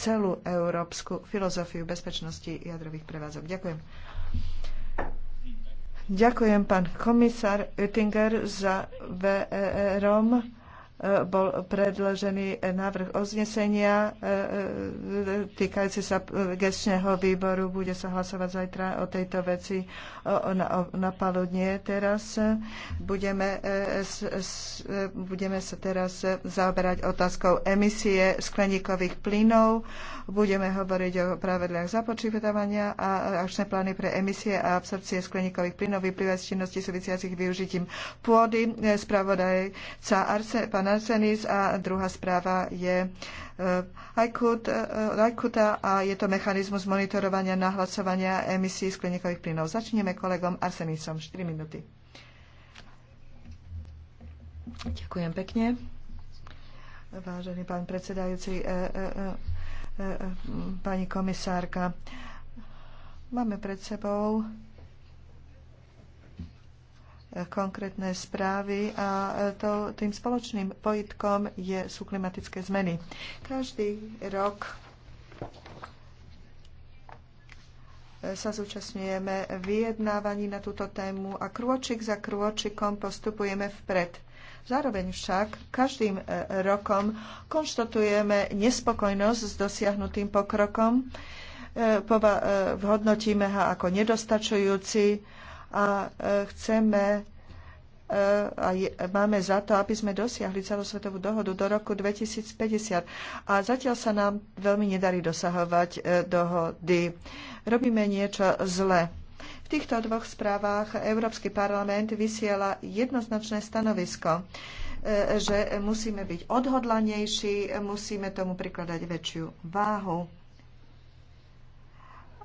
celú európsku filozofiu bezpečnosti jadrových prevádzok. Ďakujem. Ďakujem, pán komisár Oettinger, za VROM. E e bol predložený návrh oznesenia e, e, týkajúci sa gestného výboru. Bude sa hlasovať zajtra o tejto veci na, na paludnie. Teraz budeme, e, budeme sa teraz zaoberať otázkou emisie skleníkových plynov. Budeme hovoriť o pravidlách započítavania a akčné plány pre emisie a absorpcie skleníkových plynov vyplývať z činnosti súvisiacich využitím pôdy. Spravodajca Arce. pána Narsenis a druhá správa je eh, eh, Aikuta a je to mechanizmus monitorovania nahlasovania emisí skleníkových plynov. Začneme kolegom Arsenisom. 4 minúty. Ďakujem pekne. Vážený pán predsedajúci, eh, pani komisárka, máme pred sebou konkrétne správy a to, tým spoločným pojitkom je, sú klimatické zmeny. Každý rok sa zúčastňujeme vyjednávaní na túto tému a krôčik za krôčikom postupujeme vpred. Zároveň však každým e, rokom konštatujeme nespokojnosť s dosiahnutým pokrokom, e, e, hodnotíme ho ako nedostačujúci, a e, chceme e, a je, máme za to, aby sme dosiahli celosvetovú dohodu do roku 2050. A zatiaľ sa nám veľmi nedarí dosahovať e, dohody. Robíme niečo zle. V týchto dvoch správach Európsky parlament vysiela jednoznačné stanovisko, e, že musíme byť odhodlanejší, musíme tomu prikladať väčšiu váhu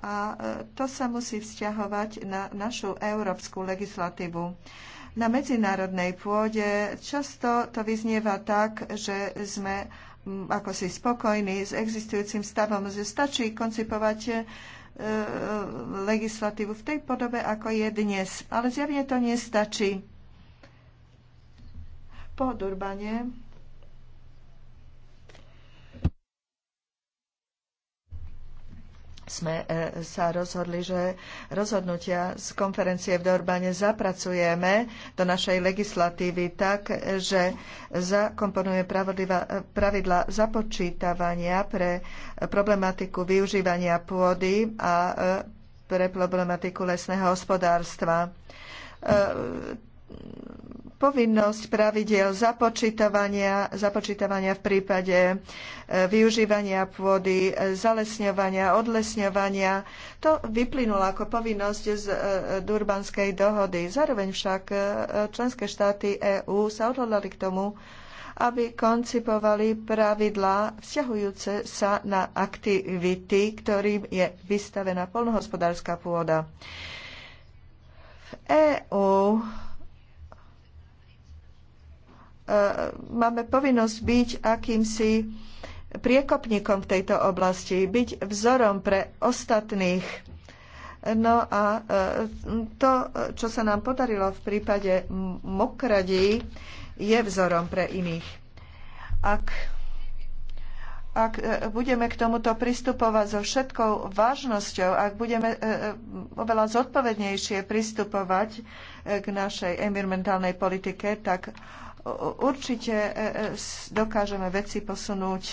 a e, to sa musí vzťahovať na našu európsku legislatívu. Na medzinárodnej pôde často to vyznieva tak, že sme ako si spokojní s existujúcim stavom, že stačí koncipovať e, e, legislatívu v tej podobe, ako je dnes. Ale zjavne to nestačí. Po Durbane sme e, sa rozhodli, že rozhodnutia z konferencie v Dorbane zapracujeme do našej legislatívy tak, že zakomponuje e, pravidla započítavania pre problematiku využívania pôdy a e, pre problematiku lesného hospodárstva povinnosť pravidel započítavania, započítavania v prípade e, využívania pôdy, e, zalesňovania, odlesňovania. To vyplynulo ako povinnosť z e, Durbanskej dohody. Zároveň však členské štáty EÚ sa odhodlali k tomu, aby koncipovali pravidlá vzťahujúce sa na aktivity, ktorým je vystavená polnohospodárska pôda. V EÚ E, máme povinnosť byť akýmsi priekopníkom v tejto oblasti, byť vzorom pre ostatných. No a e, to, čo sa nám podarilo v prípade mokradí, je vzorom pre iných. Ak, ak e, budeme k tomuto pristupovať so všetkou vážnosťou, ak budeme oveľa zodpovednejšie pristupovať k našej environmentálnej politike, tak určite e, e, dokážeme veci posunúť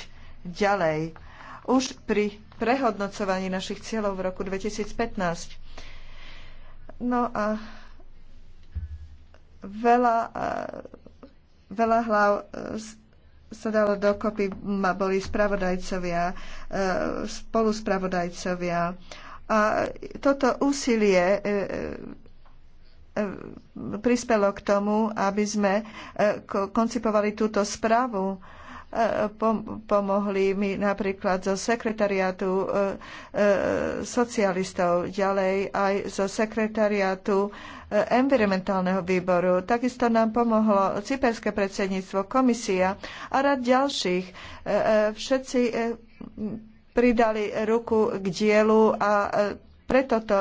ďalej. Už pri prehodnocovaní našich cieľov v roku 2015. No a veľa, e, veľa hlav sa dalo dokopy, boli spravodajcovia, spoluspravodajcovia. A toto úsilie E, prispelo k tomu, aby sme e, koncipovali túto správu e, pomohli mi napríklad zo sekretariátu socialistov, ďalej aj zo sekretariátu environmentálneho výboru. Takisto nám pomohlo cyperské predsedníctvo, komisia a rad ďalších. Všetci pridali ruku k dielu a preto to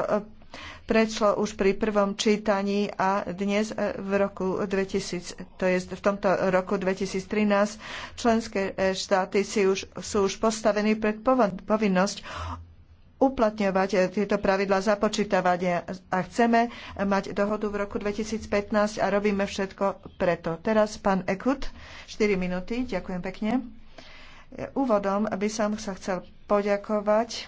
prešlo už pri prvom čítaní a dnes e, v roku 2000, to je v tomto roku 2013, členské e, štáty si už, sú už postavení pred povinnosť uplatňovať e, tieto pravidlá započítavania a chceme mať dohodu v roku 2015 a robíme všetko preto. Teraz pán Ekut, 4 minúty, ďakujem pekne. Úvodom by som sa chcel poďakovať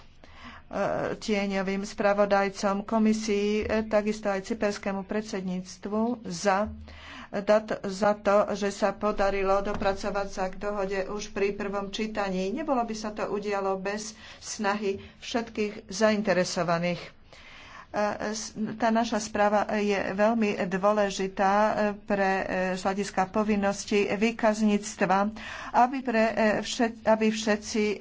E, tieňovým spravodajcom komisii, e, takisto aj cyperskému predsedníctvu za, e, za to, že sa podarilo dopracovať sa k dohode už pri prvom čítaní. Nebolo by sa to udialo bez snahy všetkých zainteresovaných. E, tá naša správa je veľmi dôležitá e, pre e, z hľadiska povinnosti výkazníctva, aby, pre všet, aby všetci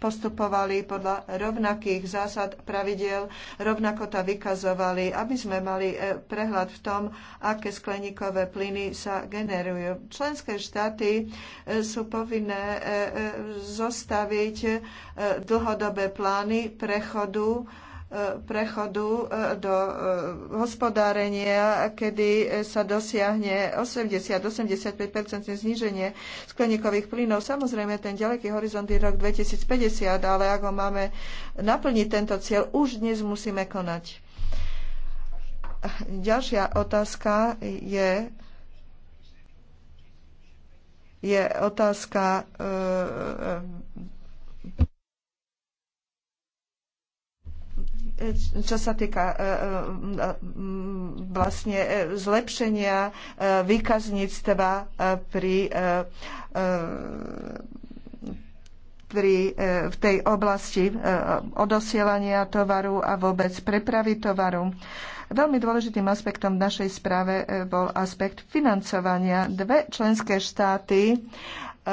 postupovali podľa rovnakých zásad pravidel, rovnako to vykazovali, aby sme mali prehľad v tom, aké skleníkové plyny sa generujú. Členské štáty sú povinné zostaviť dlhodobé plány prechodu prechodu e, do e, hospodárenia, kedy sa dosiahne 80-85% zníženie skleníkových plynov. Samozrejme, ten ďaleký horizont je rok 2050, ale ako máme naplniť tento cieľ, už dnes musíme konať. Ďalšia otázka je, je otázka e, čo sa týka e, e, vlastne e, zlepšenia výkazníctva pri pri, v tej oblasti odosielania tovaru a vôbec prepravy tovaru. Veľmi dôležitým aspektom v našej správe bol aspekt financovania. Dve členské štáty E,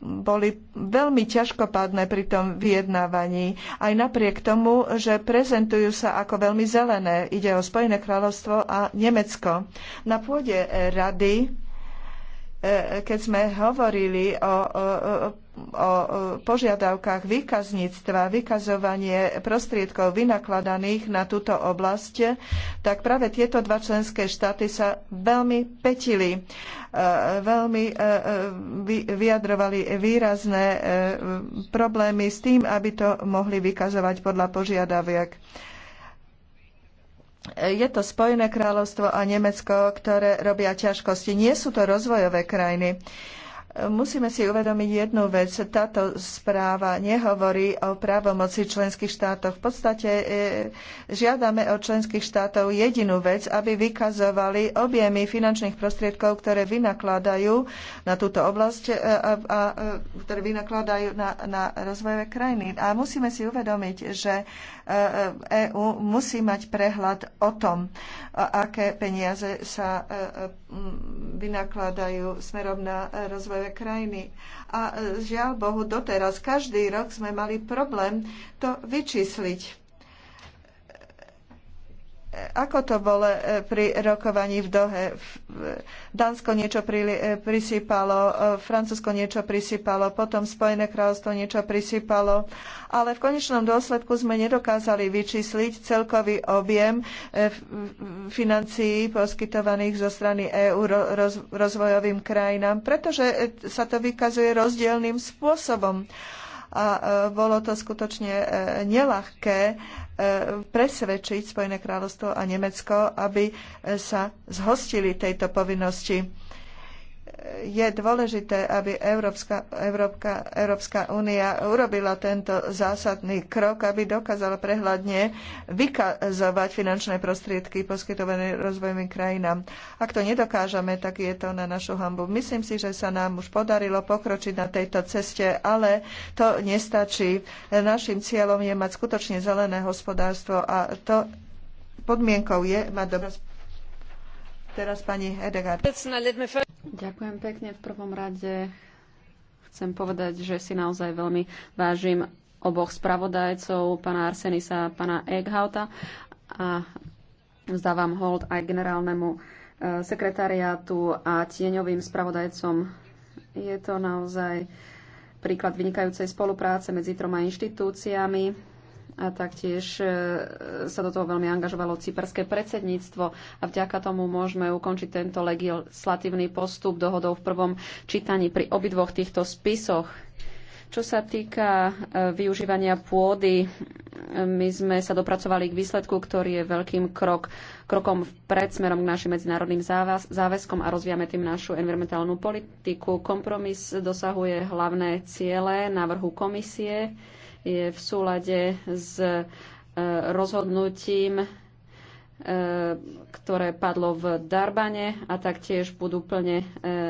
boli veľmi ťažkopádne pri tom vyjednávaní. Aj napriek tomu, že prezentujú sa ako veľmi zelené. Ide o Spojené kráľovstvo a Nemecko. Na pôde e, rady E, keď sme hovorili o, o, o požiadavkách výkazníctva, vykazovanie prostriedkov vynakladaných na túto oblasť, tak práve tieto dva členské štáty sa veľmi petili, e, veľmi e, vyjadrovali výrazné problémy s tým, aby to mohli vykazovať podľa požiadaviek je to Spojené kráľovstvo a Nemecko, ktoré robia ťažkosti. Nie sú to rozvojové krajiny. Musíme si uvedomiť jednu vec. Táto správa nehovorí o právomoci členských štátov. V podstate e, žiadame od členských štátov jedinú vec, aby vykazovali objemy finančných prostriedkov, ktoré vynakladajú na túto oblasť e, a, e, ktoré vynakladajú na, na rozvojové krajiny. A musíme si uvedomiť, že EÚ musí mať prehľad o tom, aké peniaze sa vynakladajú smerom na rozvojové krajiny. A e, žiaľ Bohu, doteraz každý rok sme mali problém to vyčísliť ako to bolo e, pri rokovaní v Dohe? Dánsko niečo e, prisypalo, e, Francúzsko niečo prisypalo, potom Spojené kráľovstvo niečo prisypalo, ale v konečnom dôsledku sme nedokázali vyčísliť celkový objem financií poskytovaných zo strany EÚ rozvojovým krajinám, pretože sa to vykazuje rozdielným spôsobom a bolo to skutočne nelahké E, presvedčiť Spojené kráľovstvo a Nemecko, aby e, sa zhostili tejto povinnosti je dôležité, aby Európska, Európka, Európska únia urobila tento zásadný krok, aby dokázala prehľadne vykazovať finančné prostriedky poskytované rozvojovým krajinám. Ak to nedokážeme, tak je to na našu hambu. Myslím si, že sa nám už podarilo pokročiť na tejto ceste, ale to nestačí. Našim cieľom je mať skutočne zelené hospodárstvo a to podmienkou je mať dobré Teraz pani Edegard. Ďakujem pekne. V prvom rade chcem povedať, že si naozaj veľmi vážim oboch spravodajcov, pána Arsenisa a pána Eghauta a vzdávam hold aj generálnemu e, sekretariátu a tieňovým spravodajcom. Je to naozaj príklad vynikajúcej spolupráce medzi troma inštitúciami a taktiež e, sa do toho veľmi angažovalo cyperské predsedníctvo a vďaka tomu môžeme ukončiť tento legislatívny postup dohodou v prvom čítaní pri obidvoch týchto spisoch. Čo sa týka e, využívania pôdy, e, my sme sa dopracovali k výsledku, ktorý je veľkým krok, krokom vpred smerom k našim medzinárodným záväz, záväzkom a rozvíjame tým našu environmentálnu politiku. Kompromis dosahuje hlavné ciele návrhu komisie je v súlade s e, rozhodnutím, e, ktoré padlo v Darbane a taktiež budú plne e,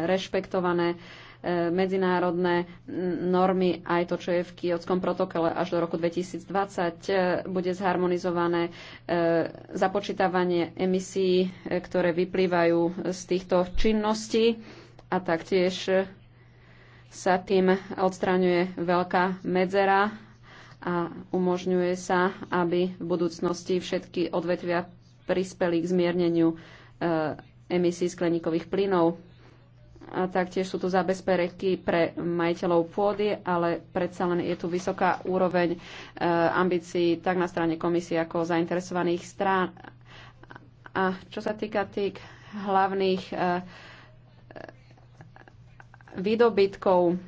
rešpektované medzinárodné normy, aj to, čo je v kiotskom protokole až do roku 2020, bude zharmonizované započítavanie emisí, ktoré vyplývajú z týchto činností a taktiež sa tým odstraňuje veľká medzera a umožňuje sa, aby v budúcnosti všetky odvetvia prispeli k zmierneniu e, emisí skleníkových plynov. A taktiež sú tu zabezpereky pre majiteľov pôdy, ale predsa len je tu vysoká úroveň e, ambícií tak na strane komisie ako zainteresovaných strán. A čo sa týka tých hlavných e, výdobytkov,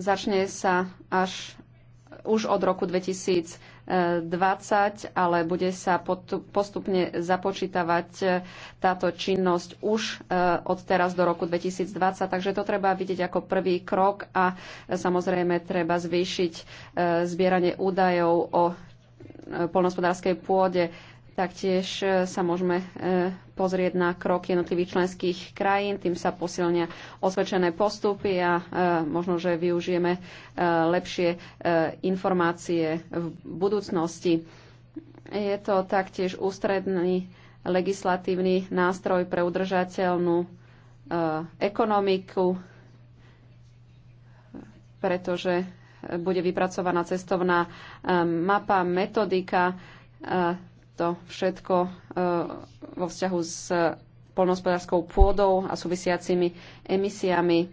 Začne sa až už od roku 2020, ale bude sa postupne započítavať e, táto činnosť už e, od teraz do roku 2020. Takže to treba vidieť ako prvý krok a e, samozrejme treba zvýšiť zbieranie údajov o polnospodárskej pôde. Taktiež e, sa môžeme e, pozrieť na krok jednotlivých členských krajín, tým sa posilnia osvedčené postupy a e, možno, že využijeme lepšie informácie v budúcnosti. Je to taktiež ústredný legislatívny nástroj pre udržateľnú ekonomiku, pretože bude vypracovaná cestovná mapa, metodika, to všetko e, vo vzťahu s polnohospodárskou pôdou a súvisiacimi emisiami.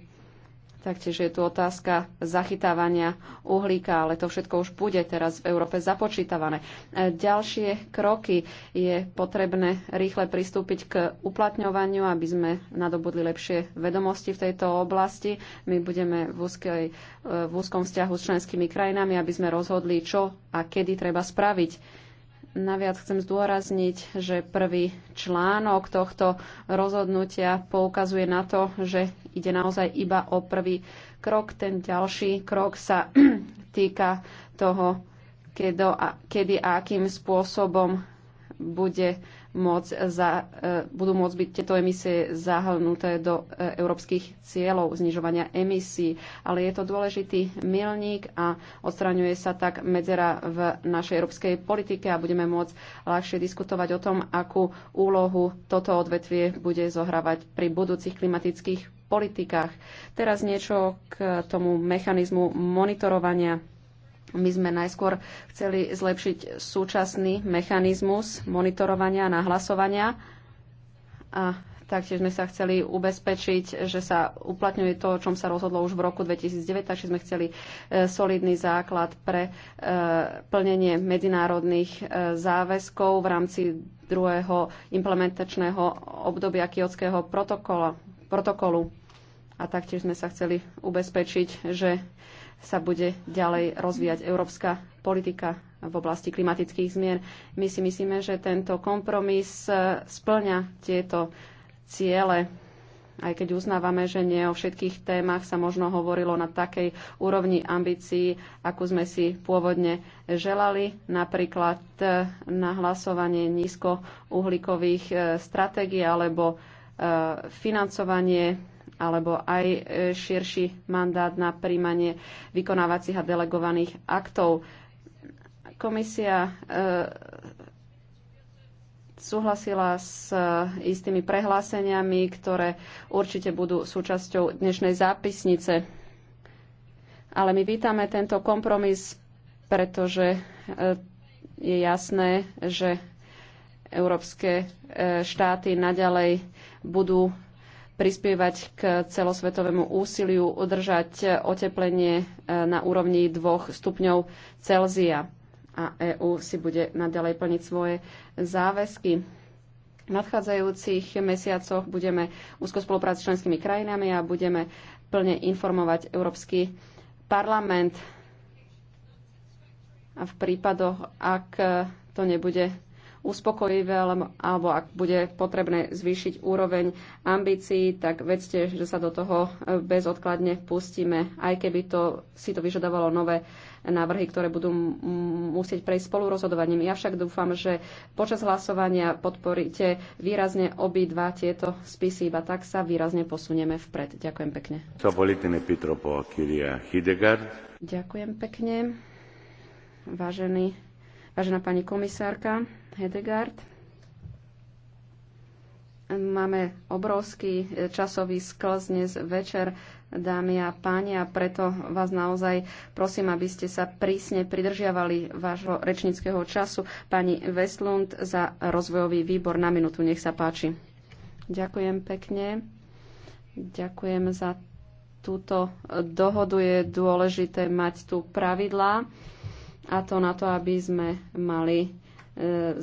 Taktiež je tu otázka zachytávania uhlíka, ale to všetko už bude teraz v Európe započítavané. E, ďalšie kroky je potrebné rýchle pristúpiť k uplatňovaniu, aby sme nadobudli lepšie vedomosti v tejto oblasti. My budeme v, úzkej, e, v úzkom vzťahu s členskými krajinami, aby sme rozhodli, čo a kedy treba spraviť Naviac chcem zdôrazniť, že prvý článok tohto rozhodnutia poukazuje na to, že ide naozaj iba o prvý krok. Ten ďalší krok sa týka toho, kedy a akým spôsobom bude môcť za, e, budú môcť byť tieto emisie zahrnuté do e, európskych cieľov znižovania emisí. Ale je to dôležitý milník a odstraňuje sa tak medzera v našej európskej politike a budeme môcť ľahšie diskutovať o tom, akú úlohu toto odvetvie bude zohrávať pri budúcich klimatických politikách. Teraz niečo k tomu mechanizmu monitorovania my sme najskôr chceli zlepšiť súčasný mechanizmus monitorovania a nahlasovania a taktiež sme sa chceli ubezpečiť, že sa uplatňuje to, o čom sa rozhodlo už v roku 2009, takže sme chceli e, solidný základ pre e, plnenie medzinárodných e, záväzkov v rámci druhého implementačného obdobia kiotského protokolu. A taktiež sme sa chceli ubezpečiť, že sa bude ďalej rozvíjať európska politika v oblasti klimatických zmien. My si myslíme, že tento kompromis e, splňa tieto ciele, aj keď uznávame, že nie o všetkých témach sa možno hovorilo na takej úrovni ambícií, akú sme si pôvodne želali, napríklad e, na hlasovanie nízkouhlíkových e, stratégií alebo financovanie alebo aj e, širší mandát na príjmanie vykonávacích a delegovaných aktov. Komisia e, súhlasila s e, istými prehláseniami, ktoré určite budú súčasťou dnešnej zápisnice. Ale my vítame tento kompromis, pretože je jasné, že európske štáty naďalej budú prispievať k celosvetovému úsiliu udržať eh, oteplenie eh, na úrovni 2 stupňov Celzia. A EÚ si bude naďalej plniť svoje záväzky. V nadchádzajúcich mesiacoch budeme úzko spolupracovať s členskými krajinami a budeme plne informovať Európsky parlament. A v prípadoch, ak to nebude uspokojivé, alebo ak bude potrebné zvýšiť úroveň ambícií, tak vedzte, že sa do toho e, bezodkladne pustíme, aj keby to, si to vyžadovalo nové návrhy, ktoré budú musieť prejsť rozhodovaním. Ja však dúfam, že počas hlasovania podporíte výrazne obidva tieto spisy, iba tak sa výrazne posunieme vpred. Ďakujem pekne. Ďakujem pekne, vážený Vážená pani komisárka Hedegard, máme obrovský e, časový sklz dnes večer, dámy a páni, a preto vás naozaj prosím, aby ste sa prísne pridržiavali vášho rečníckého času. Pani Westlund za rozvojový výbor na minútu, nech sa páči. Ďakujem pekne. Ďakujem za túto dohodu. Je dôležité mať tu pravidlá a to na to, aby sme mali e,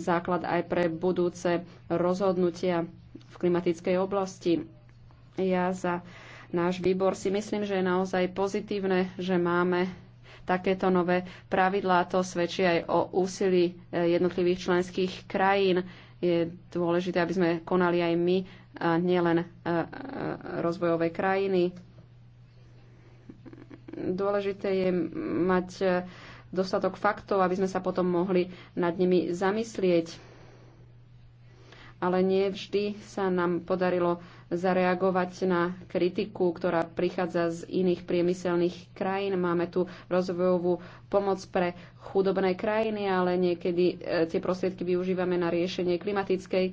základ aj pre budúce rozhodnutia v klimatickej oblasti. Ja za náš výbor si myslím, že je naozaj pozitívne, že máme takéto nové pravidlá. To svedčí aj o úsilí e, jednotlivých členských krajín. Je dôležité, aby sme konali aj my, a nielen e, rozvojové krajiny. Dôležité je mať dostatok faktov, aby sme sa potom mohli nad nimi zamyslieť. Ale nie vždy sa nám podarilo zareagovať na kritiku, ktorá prichádza z iných priemyselných krajín. Máme tu rozvojovú pomoc pre chudobné krajiny, ale niekedy e, tie prostriedky využívame na riešenie klimatickej e,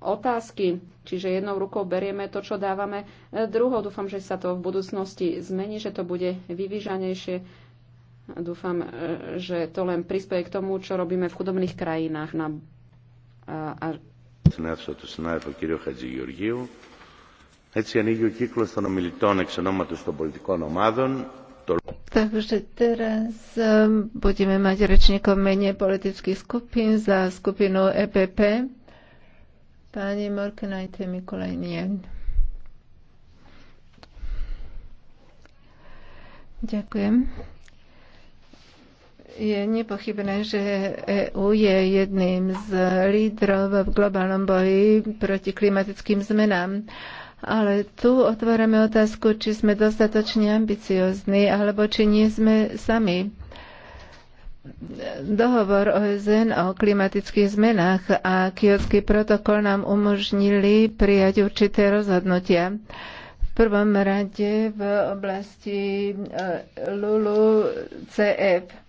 otázky. Čiže jednou rukou berieme to, čo dávame, e, druhou dúfam, že sa to v budúcnosti zmení, že to bude vyvýžanejšie. Dúfam, e, že to len prispieje k tomu, čo robíme v chudobných krajinách. Na, a, a... Έτσι ανοίγει ο κύκλος των ομιλητών εξ ονόματος των πολιτικών ομάδων. Takže teraz budeme mať rečníkov menej politických skupín za skupinu EPP. Pani Morkenajte Mikulajnien. Ďakujem. Je nepochybné, že EU je jedným z lídrov v globálnom boji proti klimatickým zmenám. Ale tu otvárame otázku, či sme dostatočne ambiciozni, alebo či nie sme sami. Dohovor OSN o klimatických zmenách a kiotský protokol nám umožnili prijať určité rozhodnutia. V prvom rade v oblasti e, LULU CF e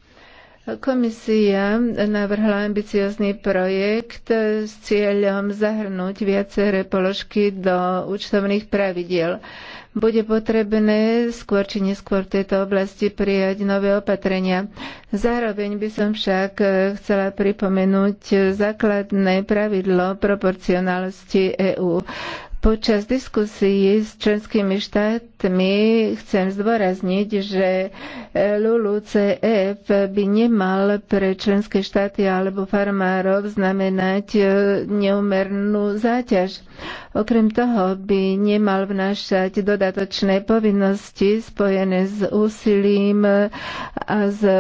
Komisia navrhla ambiciózny projekt s cieľom zahrnúť viaceré položky do účtovných pravidiel. Bude potrebné skôr či neskôr v tejto oblasti prijať nové opatrenia. Zároveň by som však chcela pripomenúť základné pravidlo proporcionálnosti EÚ Počas diskusí s členskými štátmi chcem zdôrazniť, že e, LULUCF by nemal pre členské štáty alebo farmárov znamenať e, neumernú záťaž. Okrem toho by nemal vnášať dodatočné povinnosti spojené s úsilím a s e,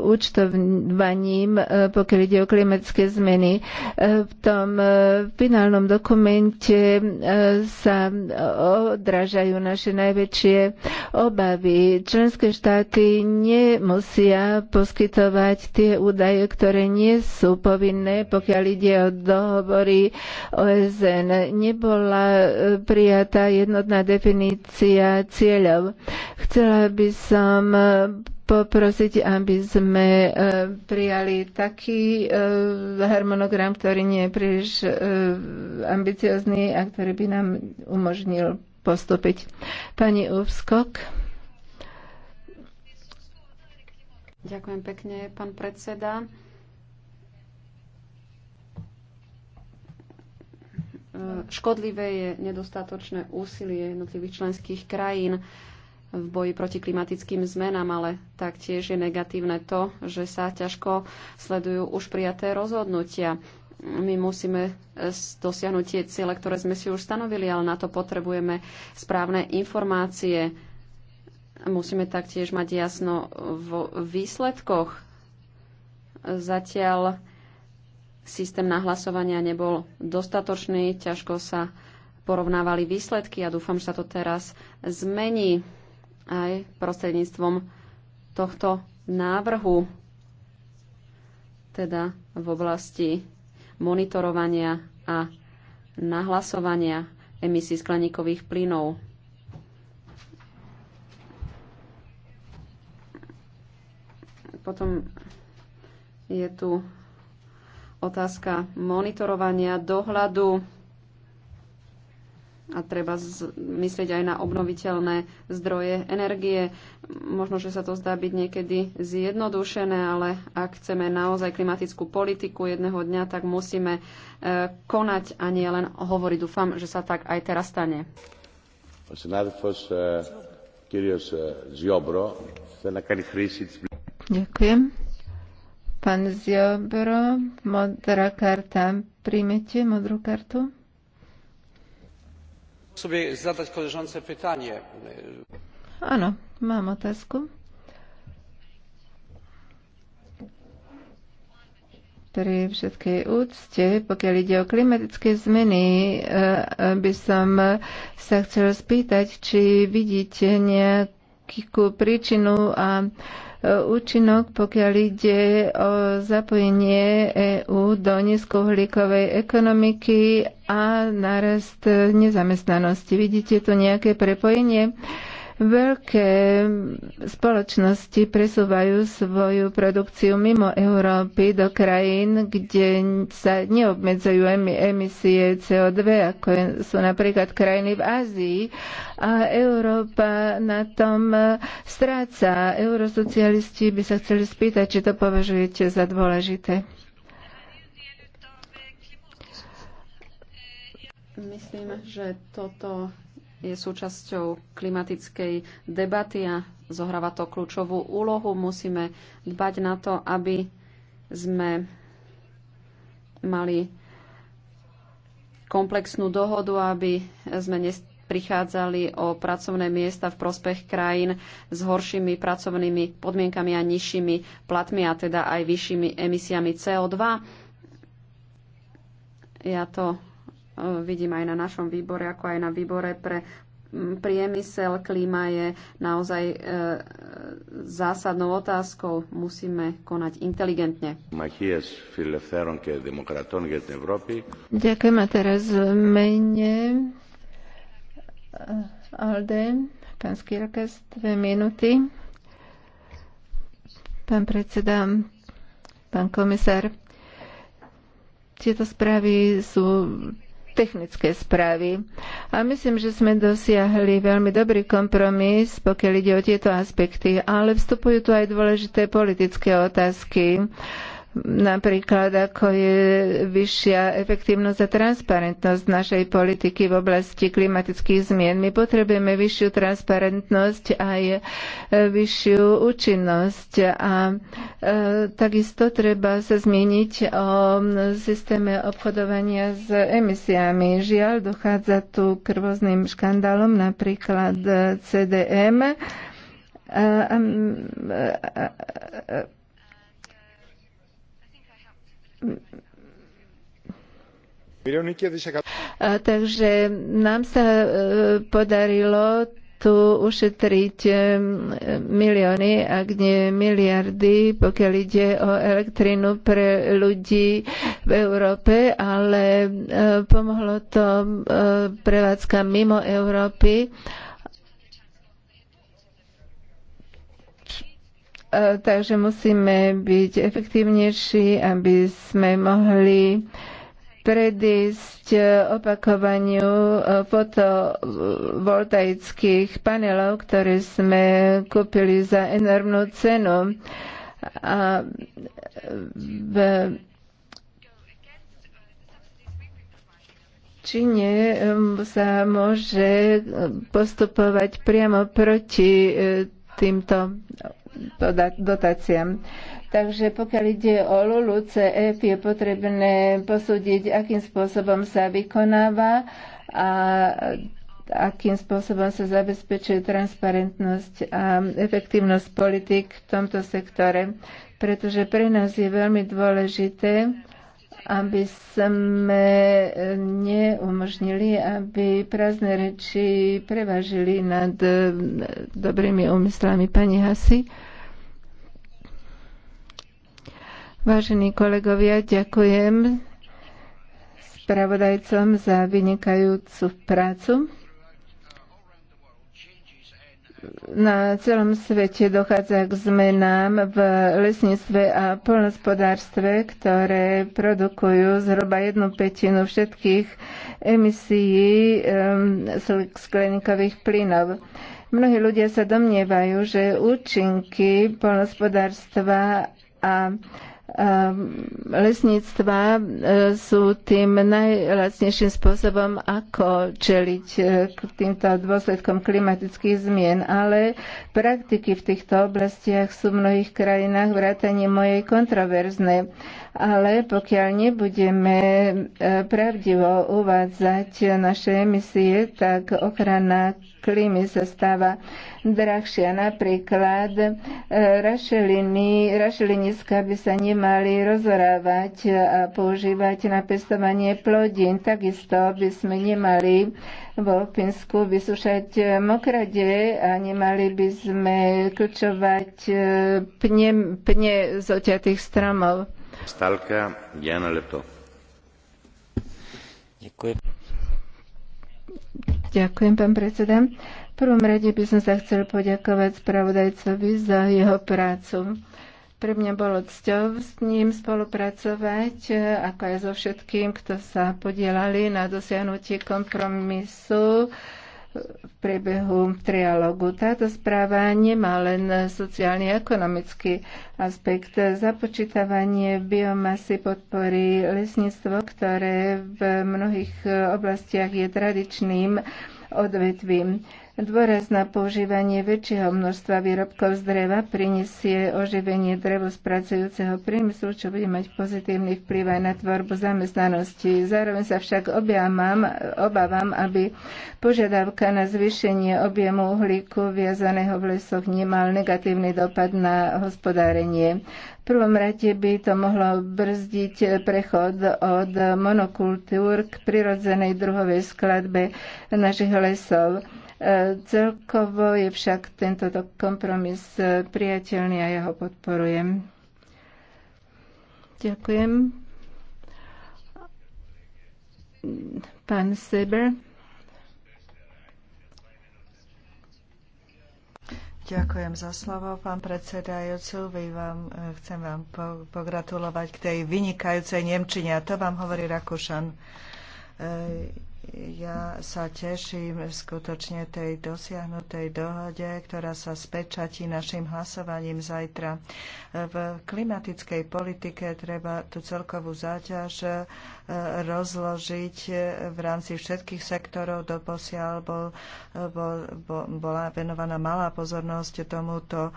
účtovaním, pokiaľ ide o klimatické zmeny. V tom finálnom dokumente E, sa e, odražajú naše najväčšie obavy. Členské štáty nemusia poskytovať tie údaje, ktoré nie sú povinné, pokiaľ ide o dohovory OSN. Nebola e, prijatá jednotná definícia cieľov. Chcela by som poprosiť, aby sme e, prijali taký e, harmonogram, ktorý nie je príliš e, ambiciozný a ktorý by nám umožnil postúpiť. Pani Úvskok. Ďakujem pekne, pán predseda. Škodlivé je nedostatočné úsilie jednotlivých členských krajín v boji proti klimatickým zmenám, ale taktiež je negatívne to, že sa ťažko sledujú už prijaté rozhodnutia. My musíme e, dosiahnuť tie ciele, ktoré sme si už stanovili, ale na to potrebujeme správne informácie. Musíme taktiež mať jasno v výsledkoch. Zatiaľ systém nahlasovania nebol dostatočný, ťažko sa porovnávali výsledky a dúfam, že sa to teraz zmení aj prostredníctvom tohto návrhu, teda v oblasti monitorovania a nahlasovania emisí skleníkových plynov. Potom je tu otázka monitorovania, dohľadu a treba z, myslieť aj na obnoviteľné zdroje energie. Možno, že sa to zdá byť niekedy zjednodušené, ale ak chceme naozaj klimatickú politiku jedného dňa, tak musíme e, konať a nie len hovoriť. Dúfam, že sa tak aj teraz stane. Ďakujem. Pán Ziobro, modrá karta. Príjmete modrú kartu? sobie zadać koleżance pytanie. Áno, mám otázku. Pri všetkej úcte, pokiaľ ide o klimatické zmeny, eh, eh, by som sa chcel spýtať, či vidíte nejak akú príčinu a e, účinok, pokiaľ ide o zapojenie EÚ do nízkouhlíkovej ekonomiky a narast nezamestnanosti. Vidíte tu nejaké prepojenie? Veľké spoločnosti presúvajú svoju produkciu mimo Európy do krajín, kde sa neobmedzujú emisie CO2, ako sú napríklad krajiny v Ázii. A Európa na tom e, stráca. Eurosocialisti by sa chceli spýtať, či to považujete za dôležité. Myslím, že toto je súčasťou klimatickej debaty a zohráva to kľúčovú úlohu. Musíme dbať na to, aby sme mali komplexnú dohodu, aby sme prichádzali o pracovné miesta v prospech krajín s horšími pracovnými podmienkami a nižšími platmi a teda aj vyššími emisiami CO2. Ja to Eh, vidím aj na našom výbore, ako aj na výbore pre mm, priemysel, klíma je naozaj e, zásadnou otázkou. Musíme konať inteligentne. Ďakujem a teraz mene eh, Alde, pán Skirkes, dve minúty. Pán predseda, pán komisár, tieto správy sú technické správy. A myslím, že sme dosiahli veľmi dobrý kompromis, pokiaľ ide o tieto aspekty, ale vstupujú tu aj dôležité politické otázky napríklad ako je vyššia efektívnosť a transparentnosť našej politiky v oblasti klimatických zmien. My potrebujeme vyššiu transparentnosť aj vyššiu účinnosť a e, takisto treba sa zmieniť o systéme obchodovania s emisiami. Žiaľ, dochádza tu k rôznym škandálom, napríklad CDM. E, e, Takže nám sa e, podarilo tu ušetriť e, milióny, ak nie miliardy, pokiaľ ide o elektrinu pre ľudí v Európe, ale e, pomohlo to prevádzka mimo Európy E, takže musíme byť efektívnejší, aby sme mohli predísť e, opakovaniu e, fotovoltaických panelov, ktoré sme kúpili za enormnú cenu. A v Číne sa môže postupovať priamo proti týmto dotáciám. Takže pokiaľ ide o CF, je potrebné posúdiť, akým spôsobom sa vykonáva a akým spôsobom sa zabezpečuje transparentnosť a efektívnosť politik v tomto sektore. Pretože pre nás je veľmi dôležité, aby sme e, neumožnili, aby prázdne reči prevažili nad e, dobrými úmyslami pani Hasi. Vážení kolegovia, ďakujem spravodajcom za vynikajúcu prácu na celom svete dochádza k zmenám v lesníctve a polnospodárstve, ktoré produkujú zhruba jednu petinu všetkých emisií skleníkových plynov. Mnohí ľudia sa domnievajú, že účinky polnospodárstva a Ehm, lesníctva e, sú tým najlacnejším spôsobom, ako čeliť e, k týmto dôsledkom klimatických zmien, ale praktiky v týchto oblastiach sú v mnohých krajinách vrátane mojej kontroverzné ale pokiaľ nebudeme e, pravdivo uvádzať naše emisie, tak ochrana klímy sa stáva drahšia. Napríklad e, rašeliny, rašeliniska by sa nemali rozorávať a používať na pestovanie plodín. Takisto by sme nemali vo Fínsku vysúšať mokrade a nemali by sme kľúčovať e, pne, pne zoťatých stromov. Ďakujem. pán predseda. V prvom rade by som sa chcel poďakovať spravodajcovi za jeho prácu. Pre mňa bolo cťou s ním spolupracovať, ako aj so všetkým, kto sa podielali na dosiahnutí kompromisu v priebehu trialogu. Táto správa nemá len sociálny a ekonomický aspekt. Započítavanie biomasy podporí lesníctvo, ktoré v mnohých oblastiach je tradičným odvetvím Dôraz na používanie väčšieho množstva výrobkov z dreva prinesie oživenie spracujúceho priemyslu, čo bude mať pozitívny vplyv aj na tvorbu zamestnanosti. Zároveň sa však objavám, obávam, aby požiadavka na zvýšenie objemu uhlíku viazaného v lesoch nemal negatívny dopad na hospodárenie prvom rade by to mohlo brzdiť prechod od monokultúr k prirodzenej druhovej skladbe našich lesov. Celkovo je však tento kompromis priateľný a ja ho podporujem. Ďakujem. Pán Seber. Ďakujem za slovo, pán predsedajúcu. Vy vám, e, chcem vám pogratulovať k tej vynikajúcej Nemčine. A to vám hovorí Rakúšan. E, ja sa teším skutočne tej dosiahnutej dohode, ktorá sa spečatí našim hlasovaním zajtra. E, v klimatickej politike treba tú celkovú záťaž rozložiť v rámci všetkých sektorov. Doposiaľ bol, bol, bol, bola venovaná malá pozornosť tomuto e,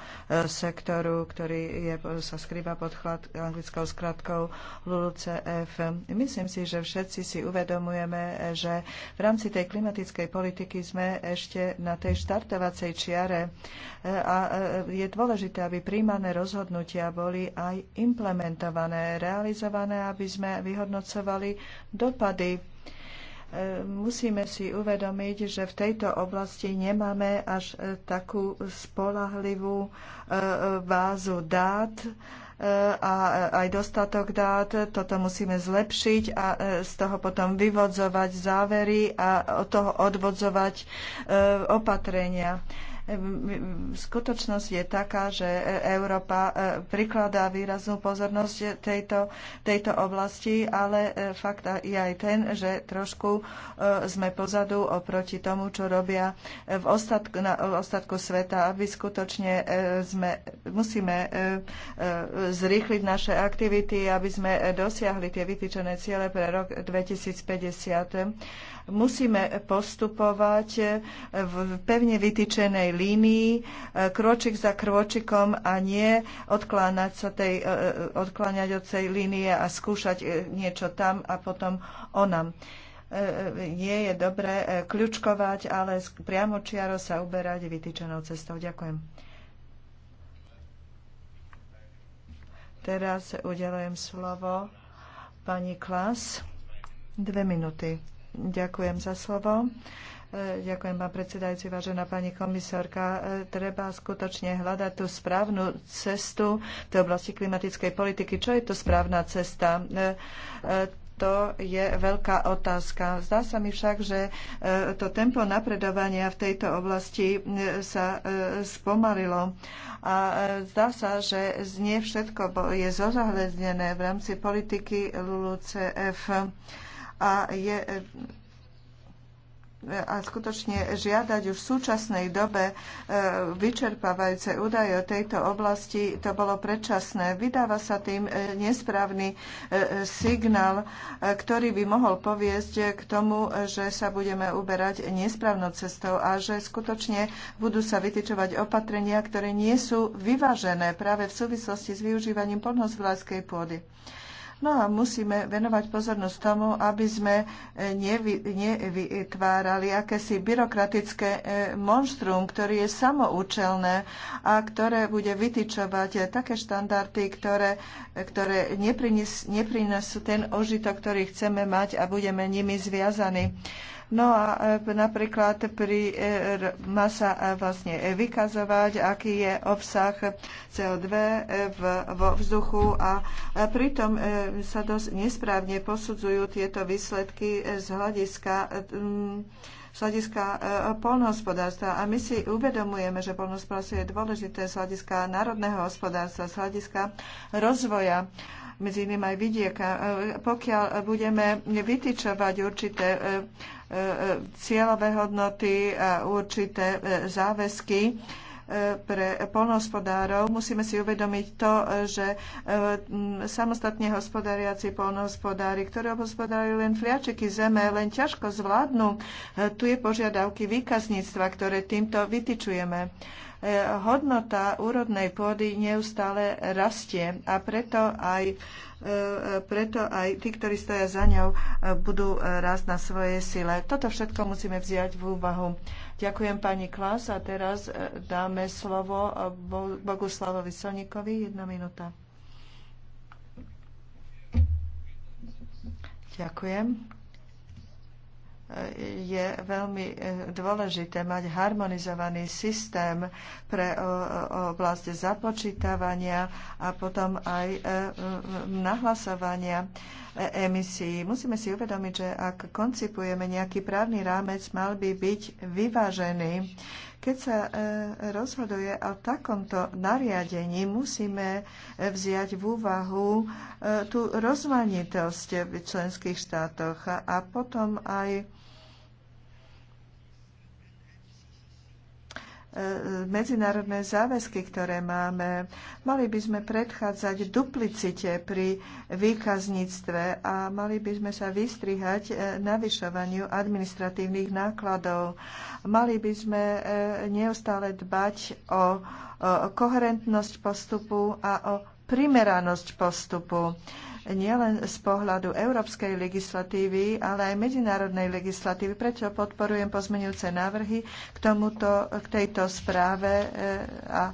sektoru, ktorý je, sa skrýva pod chlad, anglickou skratkou LULCF. Myslím si, že všetci si uvedomujeme, že v rámci tej klimatickej politiky sme ešte na tej štartovacej čiare e, a e, je dôležité, aby príjmané rozhodnutia boli aj implementované, realizované, aby sme vyhodnocovali mali dopady. E, musíme si uvedomiť, že v tejto oblasti nemáme až e, takú spolahlivú e, bázu dát, a aj dostatok dát, toto musíme zlepšiť a z toho potom vyvodzovať závery a od toho odvodzovať opatrenia. Skutočnosť je taká, že Európa e, prikladá výraznú pozornosť tejto, tejto oblasti, ale e, fakt je aj ten, že trošku e, sme pozadu oproti tomu, čo robia v ostatku, na v ostatku sveta, aby skutočne sme, musíme zrýchliť naše aktivity, aby sme dosiahli tie vytýčené ciele pre rok 2050. Musíme postupovať e, v pevne vytýčenej línii, e, kročik za kročikom a nie odkláňať, sa tej, e, odkláňať od tej línie a skúšať niečo tam a potom onam nie je dobré kľúčkovať, ale priamo čiaro sa uberať vytýčenou cestou. Ďakujem. Teraz udelujem slovo pani Klas. Dve minuty. Ďakujem za slovo. E, ďakujem, pán predsedajúci, vážená pani komisárka. E, treba skutočne hľadať tú správnu cestu v tej oblasti klimatickej politiky. Čo je to správna cesta? E, to je veľká otázka. Zdá sa mi však, že to tempo napredovania v tejto oblasti sa spomalilo a zdá sa, že nie všetko je zozohľadnené v rámci politiky LULUCF. CF a je e, a skutočne žiadať už v súčasnej dobe e, vyčerpávajúce údaje o tejto oblasti, to bolo predčasné. Vydáva sa tým e, nesprávny signál, ktorý by mohol poviesť k tomu, že sa budeme uberať nesprávnou cestou a že skutočne budú sa vytyčovať opatrenia, ktoré nie sú vyvážené práve v súvislosti s využívaním podnosvládskej pôdy. No a musíme venovať pozornosť tomu, aby sme eh, nevy, nevytvárali akési byrokratické eh, monštrum, ktoré je samoučelné a ktoré bude vytyčovať eh, také štandardy, ktoré, ktoré neprinesú ten ožitok, ktorý chceme mať a budeme nimi zviazaní. No a e, napríklad pri, e, má sa e, vlastne vykazovať, aký je obsah CO2 v, vo vzduchu a pritom sa dosť nesprávne posudzujú tieto výsledky z hľadiska z hľadiska polnohospodárstva. A my si uvedomujeme, že polnohospodárstvo je dôležité z hľadiska národného hospodárstva, z hľadiska rozvoja medzi iným aj vidieka. E, pokiaľ budeme vytýčovať určité e, e, cieľové hodnoty a určité záväzky, pre polnohospodárov, musíme si uvedomiť to, že samostatne hospodariaci polnohospodári, ktorí obhospodárujú len fliačiky zeme, len ťažko zvládnu tu je požiadavky výkazníctva, ktoré týmto vytyčujeme. E, hodnota úrodnej pôdy neustále rastie a preto aj, e, preto aj tí, ktorí stoja za ňou, e, budú rásť na svojej sile. Toto všetko musíme vziať v úvahu. Ďakujem pani Klas a teraz dáme slovo Boguslavovi Soníkovi. Jedna minúta. Ďakujem je veľmi eh, dôležité mať harmonizovaný systém pre eh, oblasť započítavania a potom aj eh, nahlasovania emisí. Musíme si uvedomiť, že ak koncipujeme nejaký právny rámec, mal by byť vyvážený. Keď sa e, rozhoduje o takomto nariadení, musíme e, vziať v úvahu e, tú rozmanitosť v členských štátoch a potom aj E, medzinárodné záväzky, ktoré máme. Mali by sme predchádzať duplicite pri výkazníctve a mali by sme sa vystrihať e, navyšovaniu administratívnych nákladov. Mali by sme e, neustále dbať o koherentnosť postupu a o primeranosť postupu nielen z pohľadu európskej legislatívy, ale aj medzinárodnej legislatívy. Prečo podporujem pozmenujúce návrhy k, tomuto, k tejto správe e, a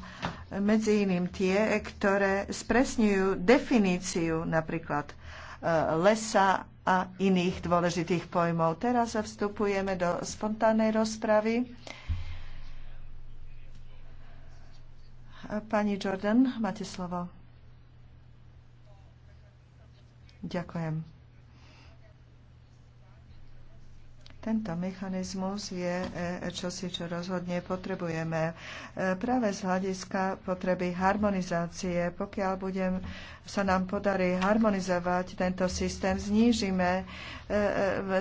medzi iným tie, ktoré spresňujú definíciu napríklad e, lesa a iných dôležitých pojmov. Teraz vstupujeme do spontánnej rozpravy. Pani Jordan, máte slovo. Ďakujem. Tento mechanizmus je e, čosi, čo rozhodne potrebujeme. E, práve z hľadiska potreby harmonizácie, pokiaľ budem, sa nám podarí harmonizovať tento systém, znížime e,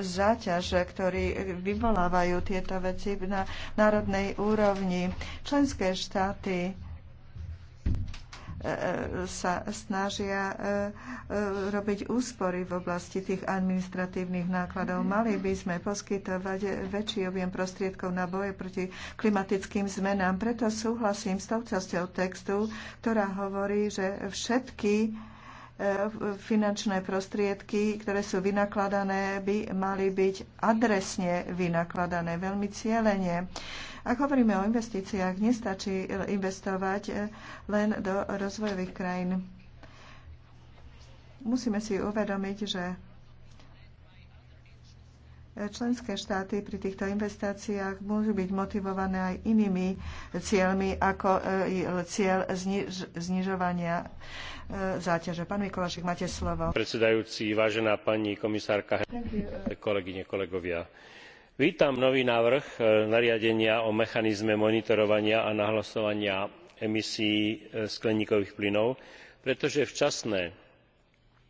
záťaž, ktorý vyvolávajú tieto veci na národnej úrovni. Členské štáty E, e, sa snažia e, robiť úspory v oblasti tých administratívnych nákladov. Mali by sme poskytovať väčší objem prostriedkov na boje proti klimatickým zmenám. Preto súhlasím s tou časťou textu, ktorá hovorí, že všetky finančné prostriedky, ktoré sú vynakladané, by mali byť adresne vynakladané, veľmi cieľene. Ak hovoríme o investíciách, nestačí investovať len do rozvojových krajín. Musíme si uvedomiť, že členské štáty pri týchto investáciách môžu byť motivované aj inými cieľmi ako e, cieľ zniž, znižovania e, záťaže. Pán Mikolašek, máte slovo. Predsedajúci, vážená pani komisárka, kolegyne, kolegovia. Vítam nový návrh e, nariadenia o mechanizme monitorovania a nahlasovania emisií skleníkových plynov, pretože včasné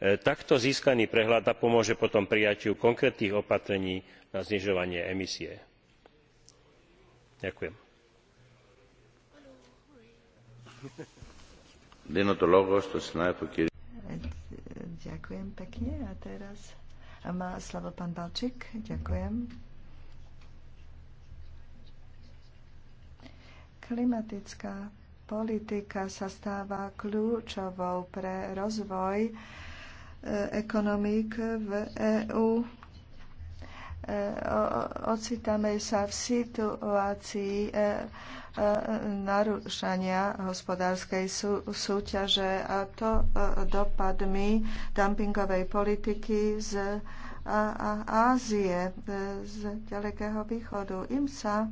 E, takto získaný prehľad napomôže potom prijatiu konkrétnych opatrení na znižovanie emisií. ďakujem. Ďakujem pekne. A teraz má slovo pán Balčík. Ďakujem. Klimatická politika sa stáva kľúčovou pre rozvoj ekonomík v EÚ e, Ocitame sa v situácii e, e, narúšania hospodárskej súťaže a to dopadmi dumpingovej politiky z Ázie, z ďalekého východu. Im sa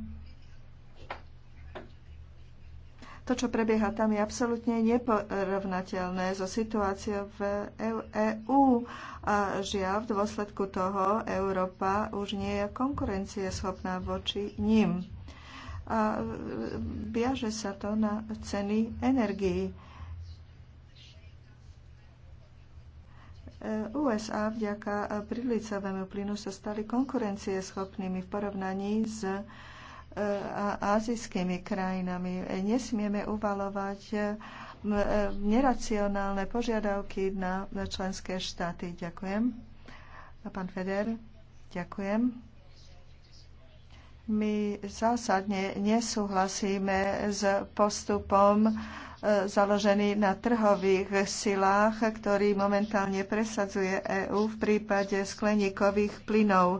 To, čo prebieha tam, je absolútne neporovnateľné so situáciou v EÚ. E A žiaľ, v dôsledku toho Európa už nie je konkurencieschopná voči ním. A viaže sa to na ceny energií. USA vďaka prílicovému plynu sa stali konkurencieschopnými v porovnaní s a azijskými krajinami. Nesmieme uvalovať e, e, neracionálne požiadavky na členské štáty. Ďakujem. Pán Feder, ďakujem. My zásadne nesúhlasíme s postupom založený na trhových silách, ktorý momentálne presadzuje EÚ v prípade skleníkových plynov. E,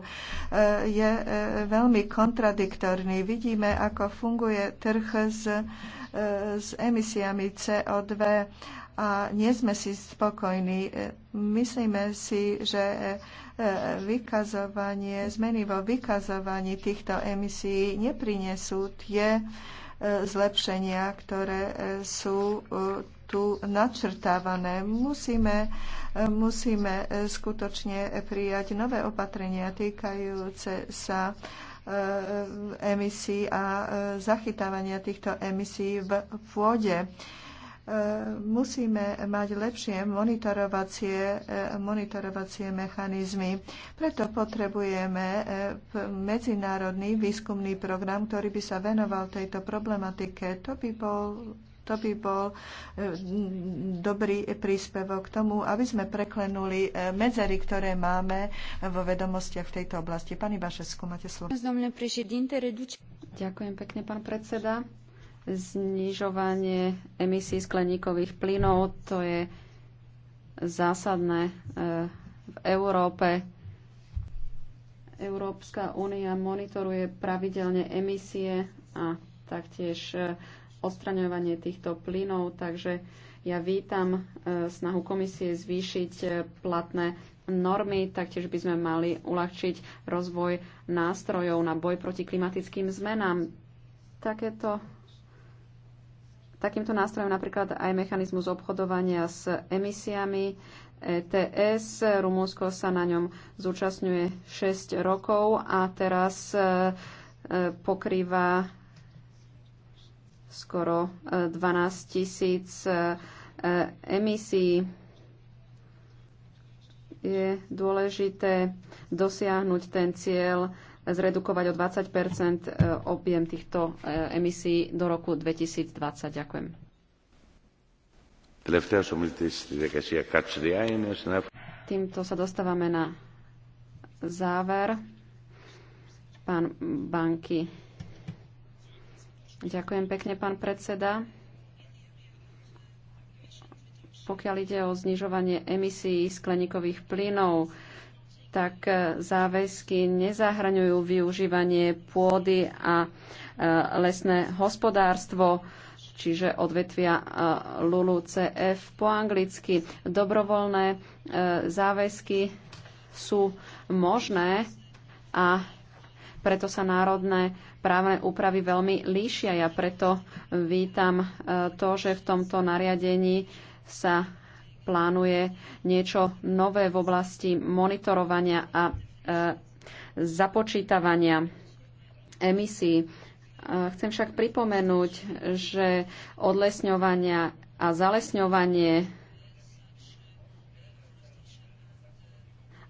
je e, veľmi kontradiktorný. Vidíme, ako funguje trh s, e, s emisiami CO2 a nie sme si spokojní. Myslíme si, že vykazovanie, zmeny vo vykazovaní týchto emisí neprinesú tie zlepšenia, ktoré e, sú e, tu načrtávané. Musíme, e, musíme skutočne prijať nové opatrenia týkajúce sa emisí a zachytávania týchto emisí v pôde musíme mať lepšie monitorovacie, monitorovacie mechanizmy. Preto potrebujeme eh, medzinárodný výskumný program, ktorý by sa venoval tejto problematike. To by bol to by bol eh, dobrý príspevok k tomu, aby sme preklenuli eh, medzery, ktoré máme vo vedomostiach v tejto oblasti. Pani Bašesku, máte slovo. Ďakujem pekne, pán predseda. Znižovanie emisí skleníkových plynov, to je zásadné e, v Európe. Európska únia monitoruje pravidelne emisie a taktiež e, odstraňovanie týchto plynov, takže ja vítam e, snahu komisie zvýšiť platné normy, taktiež by sme mali uľahčiť rozvoj nástrojov na boj proti klimatickým zmenám. Takéto Takýmto nástrojom napríklad aj mechanizmus obchodovania s emisiami ETS. Rumunsko sa na ňom zúčastňuje 6 rokov a teraz e, e, pokrýva skoro 12 e, tisíc emisí. Je dôležité dosiahnuť ten cieľ zredukovať o 20 e, objem týchto e, emisí do roku 2020. Ďakujem. Týmto sa dostávame na záver. Pán Banky. Ďakujem pekne, pán predseda. Pokiaľ ide o znižovanie emisí skleníkových plynov, tak e, záväzky nezahraňujú využívanie pôdy a e, lesné hospodárstvo, čiže odvetvia e, LULU CF po anglicky. Dobrovoľné záväzky sú možné a preto sa národné právne úpravy veľmi líšia. Ja preto vítam to, že v tomto nariadení sa plánuje niečo nové v oblasti monitorovania a e, započítavania emisí. E, chcem však pripomenúť, že odlesňovania a zalesňovanie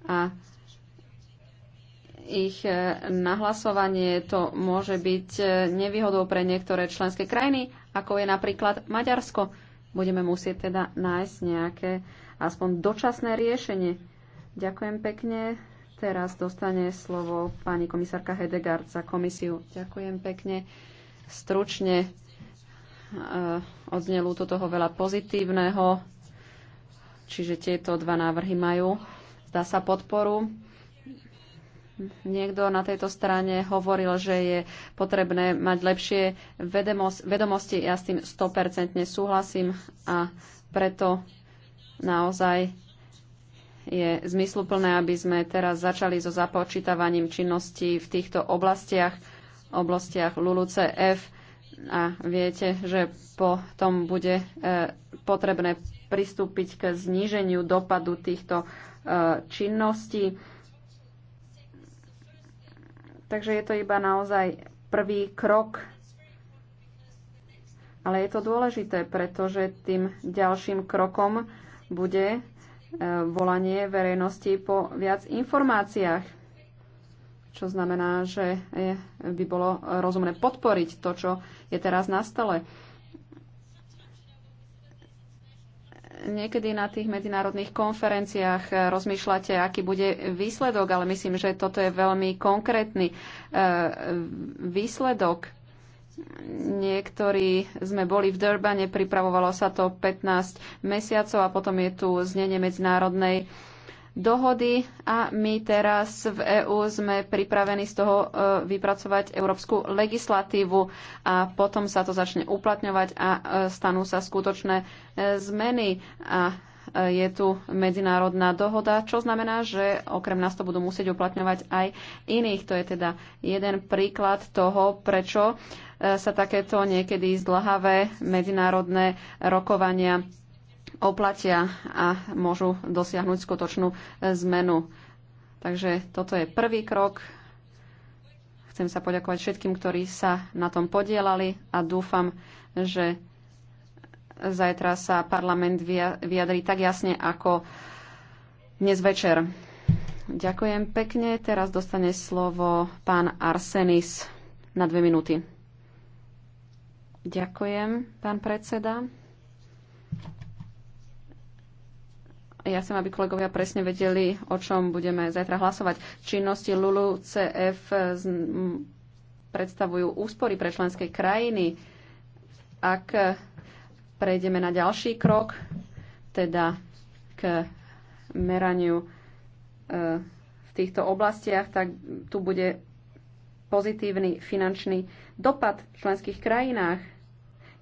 a ich e, nahlasovanie to môže byť e, nevýhodou pre niektoré členské krajiny, ako je napríklad Maďarsko Budeme musieť teda nájsť nejaké aspoň dočasné riešenie. Ďakujem pekne. Teraz dostane slovo pani komisárka Hedegard za komisiu. Ďakujem pekne. Stručne e, odznelú tu toho veľa pozitívneho, čiže tieto dva návrhy majú, zdá sa, podporu. Niekto na tejto strane hovoril, že je potrebné mať lepšie vedomosti. Ja s tým 100% súhlasím a preto naozaj je zmysluplné, aby sme teraz začali so započítavaním činností v týchto oblastiach, oblastiach LULUCF a viete, že potom bude e, potrebné pristúpiť k zníženiu dopadu týchto e, činností Takže je to iba naozaj prvý krok. Ale je to dôležité, pretože tým ďalším krokom bude e, volanie verejnosti po viac informáciách. Čo znamená, že e, by bolo rozumné podporiť to, čo je teraz na stole. niekedy na tých medzinárodných konferenciách eh, rozmýšľate, aký bude výsledok, ale myslím, že toto je veľmi konkrétny eh, výsledok. Niektorí sme boli v Durbane, pripravovalo sa to 15 mesiacov a potom je tu znenie medzinárodnej dohody a my teraz v EÚ sme pripravení z toho e, vypracovať európsku legislatívu a potom sa to začne uplatňovať a e, stanú sa skutočné e, zmeny. A je tu medzinárodná dohoda, čo znamená, že okrem nás to budú musieť uplatňovať aj iných. To je teda jeden príklad toho, prečo sa takéto niekedy zdlhavé medzinárodné rokovania oplatia a môžu dosiahnuť skutočnú e, zmenu. Takže toto je prvý krok. Chcem sa poďakovať všetkým, ktorí sa na tom podielali a dúfam, že zajtra sa parlament vyjadrí tak jasne ako dnes večer. Ďakujem pekne. Teraz dostane slovo pán Arsenis na dve minúty. Ďakujem, pán predseda. ja chcem, aby kolegovia presne vedeli, o čom budeme zajtra hlasovať. Činnosti LULU CF predstavujú úspory pre členské krajiny. Ak prejdeme na ďalší krok, teda k meraniu e, v týchto oblastiach, tak tu bude pozitívny finančný dopad v členských krajinách.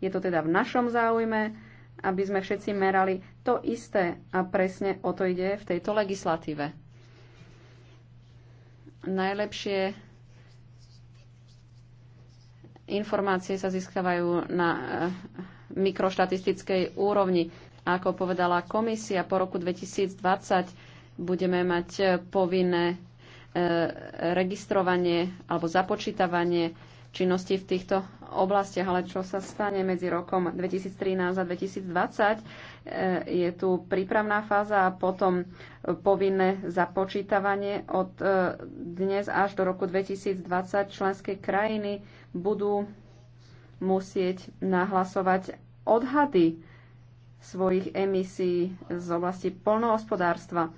Je to teda v našom záujme, aby sme všetci merali to isté a presne o to ide v tejto legislatíve. Najlepšie informácie sa získavajú na eh, mikroštatistickej úrovni. A ako povedala komisia, po roku 2020 budeme mať povinné eh, registrovanie alebo započítavanie činnosti v týchto oblastiach, ale čo sa stane medzi rokom 2013 a 2020, eh, je tu prípravná fáza a potom povinné započítavanie od eh, dnes až do roku 2020 členské krajiny budú musieť nahlasovať odhady svojich emisí z oblasti polnohospodárstva.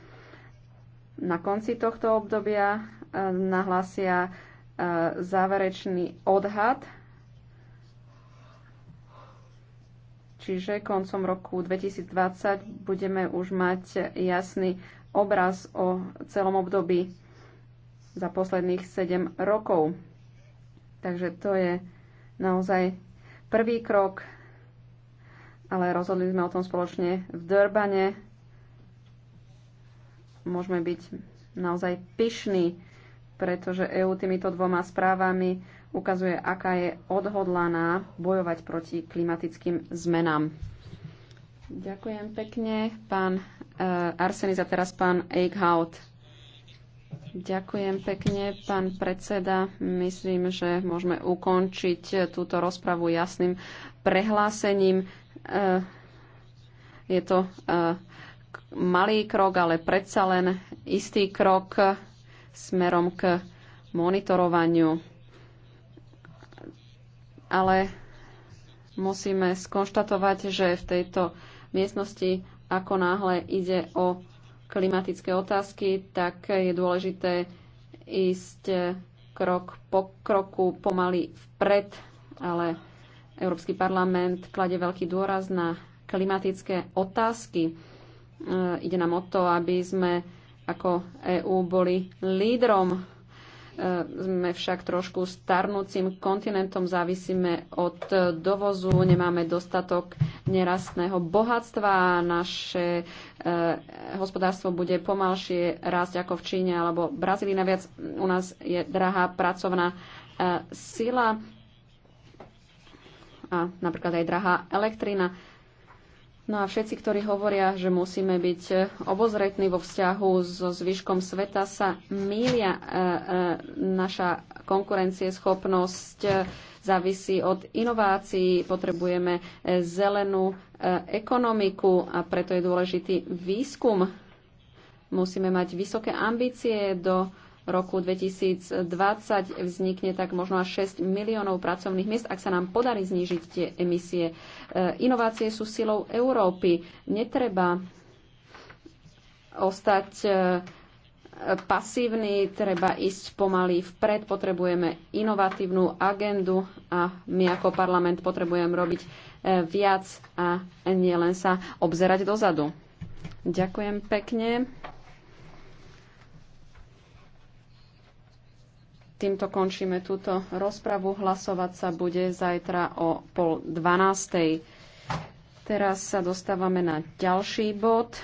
Na konci tohto obdobia eh, nahlasia záverečný odhad. Čiže koncom roku 2020 budeme už mať jasný obraz o celom období za posledných 7 rokov. Takže to je naozaj prvý krok, ale rozhodli sme o tom spoločne v Durbane. Môžeme byť naozaj pyšní pretože EÚ týmito dvoma správami ukazuje, aká je odhodlaná bojovať proti klimatickým zmenám. Ďakujem pekne, pán uh, Arsenis a teraz pán Eichhout. Ďakujem pekne, pán predseda. Myslím, že môžeme ukončiť eh, túto rozpravu jasným prehlásením. Eh, je to malý krok, ale predsa len istý krok smerom k monitorovaniu. Ale musíme skonštatovať, že v tejto miestnosti, ako náhle ide o klimatické otázky, tak je dôležité ísť krok po kroku pomaly vpred, ale Európsky parlament klade veľký dôraz na klimatické otázky. E, ide nám o to, aby sme ako EÚ boli lídrom. E, sme však trošku starnúcim kontinentom, závisíme od dovozu, nemáme dostatok nerastného bohatstva, naše e, hospodárstvo bude pomalšie rásť ako v Číne alebo Brazílii. Naviac u nás je drahá pracovná e, sila a napríklad aj drahá elektrina No a všetci, ktorí hovoria, že musíme byť e, obozretní vo vzťahu so zvyškom sveta, sa mília. E, e, naša konkurencieschopnosť závisí od inovácií. Potrebujeme zelenú ekonomiku a preto je dôležitý výskum. Musíme mať vysoké ambície do roku 2020 vznikne tak možno až 6 miliónov pracovných miest, ak sa nám podarí znížiť tie emisie. E, inovácie sú silou Európy. Netreba ostať e, pasívny, treba ísť pomaly vpred, potrebujeme inovatívnu agendu a my ako parlament potrebujeme robiť e, viac a nielen sa obzerať dozadu. Ďakujem pekne. Týmto končíme túto rozpravu. Hlasovať sa bude zajtra o pol dvanástej. Teraz sa dostávame na ďalší bod.